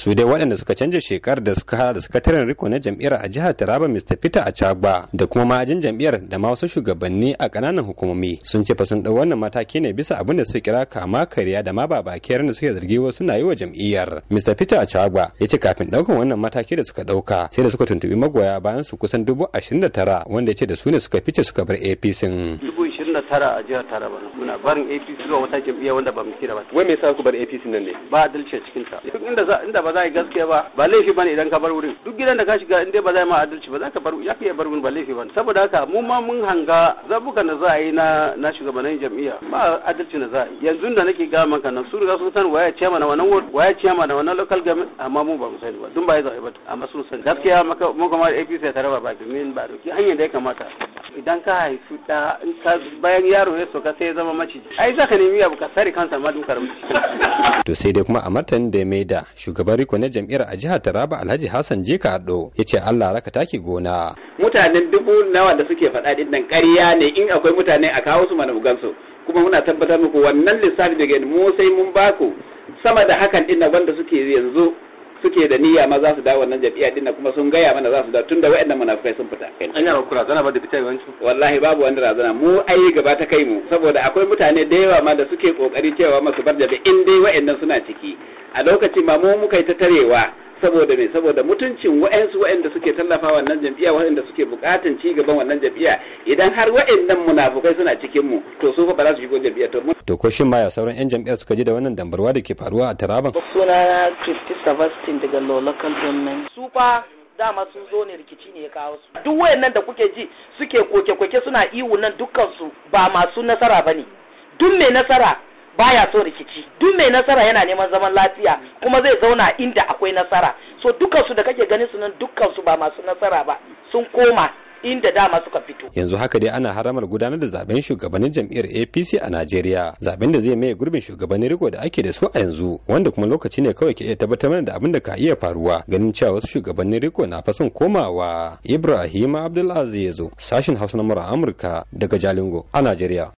su dai waɗanda suka canja shekar da suka hada da sakataren riko na jam'iyyar a jihar taraba mr peter achagba da kuma ma'ajin jam'iyyar da ma wasu shugabanni a ƙananan hukumomi sun ce fa sun ɗau wannan mataki ne bisa abin da suka kira kama kariya da ma babakiyar da suke zargi wasu suna yi wa jam'iyyar mr peter achagba ya ce kafin ɗaukan wannan mataki da suka ɗauka sai da suka tuntuɓi magoya bayan su kusan dubu ashirin da tara wanda ya ce da su ne suka fice suka bar apc hamsin da tara a jihar taraba muna barin apc zuwa wata jam'iyya wanda ba mu kira ba wai me yasa ku bar apc nan ne ba adalci a cikin ta duk inda za inda ba za a yi gaskiya ba ba laifi bane idan ka bar wurin duk gidan da ka shiga inda ba za a yi ma adalci ba za ka bar ya ka bar wurin ba laifi bane saboda haka mu ma mun hanga zabukan da za a yi na na shugabannin jam'iyya ba adalci na za a yi yanzu da nake ga maka nan su riga sun san waya ciyama na wannan ward waya ciyama na wannan local government amma mu ba mu sani ba dun ba ya zaɓe ba amma sun san gaskiya maka mu kuma APC ta raba ba domin ba doki hanyar da ya kamata idan ka haifi da bayan yaro ya soka sai ya zama maciji ai zaka nemi abu ka sare kansa ma dukar maciji to sai dai kuma a martanin da ya da shugaban riko na jam'iyyar a jihar Taraba Alhaji Hassan Jika Ado ya ce Allah raka taki gona mutanen dubu nawa da suke faɗa din nan ƙarya ne in akwai mutane a kawo su mana bugansu kuma muna tabbatar muku wannan lissafi da mu sai mun ba ku sama da hakan din wanda suke yanzu suke da niyya ma za su dawo wannan jam'iyya din kuma sun gaya mana za su dawo tunda wa'annan munafikai sun fita an yi ku razana ba da fita yawanci wallahi babu wani razana mu ai gaba ta kai mu saboda akwai mutane da yawa ma da suke kokari cewa masu bar da in dai wa'annan suna ciki a lokacin ma mu muka yi ta tarewa saboda me saboda mutuncin wa'ansu wa'anda suke tallafa wannan jam'iyya wa'anda suke bukatan ci gaban wannan jam'iyya idan har wa'annan munafukai suna cikin mu to su fa ba za su shigo jam'iyya to to ko shin ma ya sauran yan jam'iyya suka ji da wannan dambarwa da ke faruwa a Taraban suna Christy Sebastian daga Lola Government su fa dama sun zo ne rikici ne ya kawo su duk wayannan da kuke ji suke koke-koke suna iwu nan dukkan su ba masu nasara bane duk mai nasara baya so rikici duk mai nasara yana neman zaman lafiya kuma zai zauna inda akwai nasara so dukansu da kake ganin su nan dukansu ba masu nasara ba sun koma inda dama suka fito. Yanzu haka dai ana haramar gudanar da zaben shugabannin jam'iyyar APC a Najeriya. Zaben da zai maye gurbin shugabannin riko da ake da su a yanzu, wanda kuma lokaci ne kawai ke iya tabbatar da abin da ka iya faruwa. Ganin cewa wasu shugabannin riko na fason komawa. Ibrahim Abdulaziz, sashin Hausa na Amurka daga Jalingo a Najeriya.